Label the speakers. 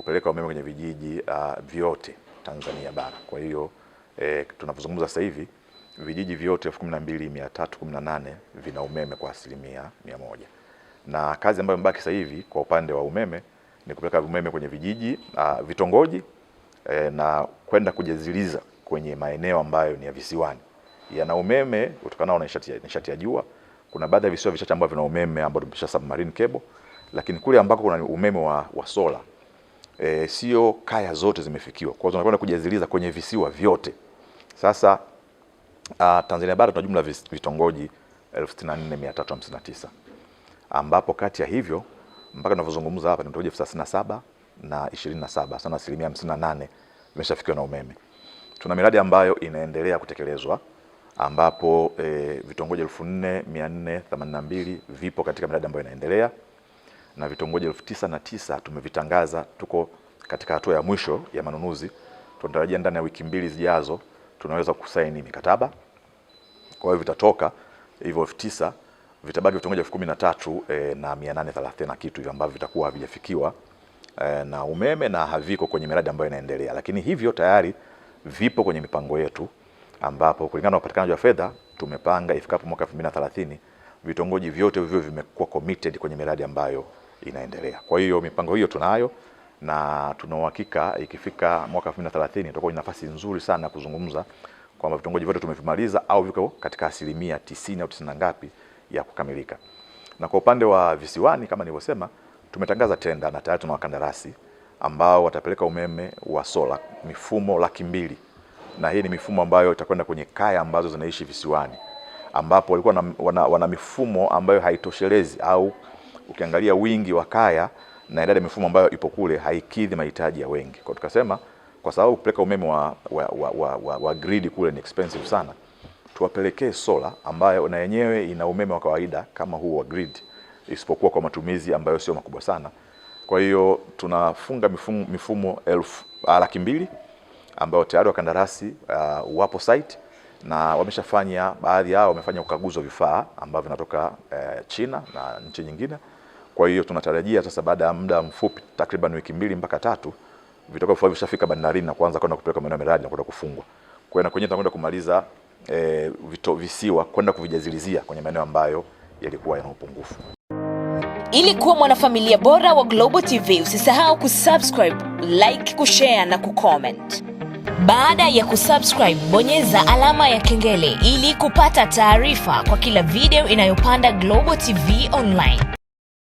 Speaker 1: kupeleka umeme kwenye vijiji uh, vyote Tanzania bara. Kwa hiyo eh, tunapozungumza sasa hivi vijiji vyote 12318 vina umeme kwa asilimia mia moja na kazi ambayo mbaki sasa hivi kwa upande wa umeme ni kupeleka umeme kwenye vijiji uh, vitongoji eh, na kwenda kujaziliza kwenye maeneo ambayo ni ya visiwani yana umeme utokanao na nishati ya jua. Kuna baadhi ya visiwa vichache ambavyo vina umeme ambao tumpisha submarine cable, lakini kule ambako kuna umeme wa, wa solar e, sio kaya zote zimefikiwa, kwa hiyo tunakwenda kujaziliza kwenye visiwa vyote. Sasa a, ah, Tanzania bara tuna jumla vitongoji 64359 ambapo kati ya hivyo mpaka tunavyozungumza hapa ni vitongoji 37 na 27 sana, asilimia 58 vimeshafikiwa na umeme. Tuna miradi ambayo inaendelea kutekelezwa ambapo e, vitongoji 4482 vipo katika miradi ambayo inaendelea na vitongoji elfu tisa na tisa tumevitangaza, tuko katika hatua ya mwisho ya manunuzi. Tunatarajia ndani ya wiki mbili zijazo tunaweza kusaini mikataba, kwa hiyo vitatoka hivyo elfu tisa vitabaki vitongoji elfu kumi na tatu e, na mia nane thelathini na kitu hivyo ambavyo vitakuwa havijafikiwa e, na umeme na haviko kwenye miradi ambayo inaendelea, lakini hivyo tayari vipo kwenye mipango yetu, ambapo kulingana na upatikanaji wa fedha tumepanga ifikapo mwaka 2030 vitongoji vyote hivyo vimekuwa committed kwenye miradi ambayo inaendelea. Kwa hiyo mipango hiyo tunayo na tuna uhakika ikifika mwaka 2030 tutakuwa na nafasi nzuri sana kuzungumza kwamba vitongoji vyote tumevimaliza au viko katika asilimia 90 au 90 ngapi ya kukamilika. Na kwa upande wa visiwani kama nilivyosema, tumetangaza tenda na tayari tuna wakandarasi ambao watapeleka umeme wa sola mifumo laki mbili, na hii ni mifumo ambayo itakwenda kwenye kaya ambazo zinaishi visiwani ambapo walikuwa wana, wana, wana mifumo ambayo haitoshelezi au ukiangalia wingi wa kaya na idadi ya mifumo ambayo ipo kule haikidhi mahitaji ya wengi. Kwa tukasema kwa sababu kupeleka umeme wa, wa, wa, wa, wa, wa grid kule ni expensive sana, tuwapelekee sola ambayo na yenyewe ina umeme wa kawaida kama huu wa grid, isipokuwa kwa matumizi ambayo sio makubwa sana. Kwa hiyo tunafunga mifumo, mifumo elfu ah, laki mbili ambayo tayari wakandarasi uh, wapo site na wameshafanya baadhi yao wamefanya ukaguzi wa vifaa ambavyo vinatoka uh, China na nchi nyingine. Kwa hiyo tunatarajia sasa baada ya muda mfupi takriban wiki mbili mpaka tatu vitoka vifaa vishafika bandarini na kuanza kwenda kupeleka maeneo miradi na kwenda kufungwa. Kwa hiyo na kwenye tunakwenda kumaliza e, vito, visiwa kwenda kuvijazilizia kwenye maeneo ambayo yalikuwa yana upungufu. Ili kuwa mwanafamilia bora wa Global TV, usisahau kusubscribe, like, kushare na kucomment. Baada ya kusubscribe, bonyeza alama ya kengele ili kupata taarifa kwa kila video inayopanda Global TV Online.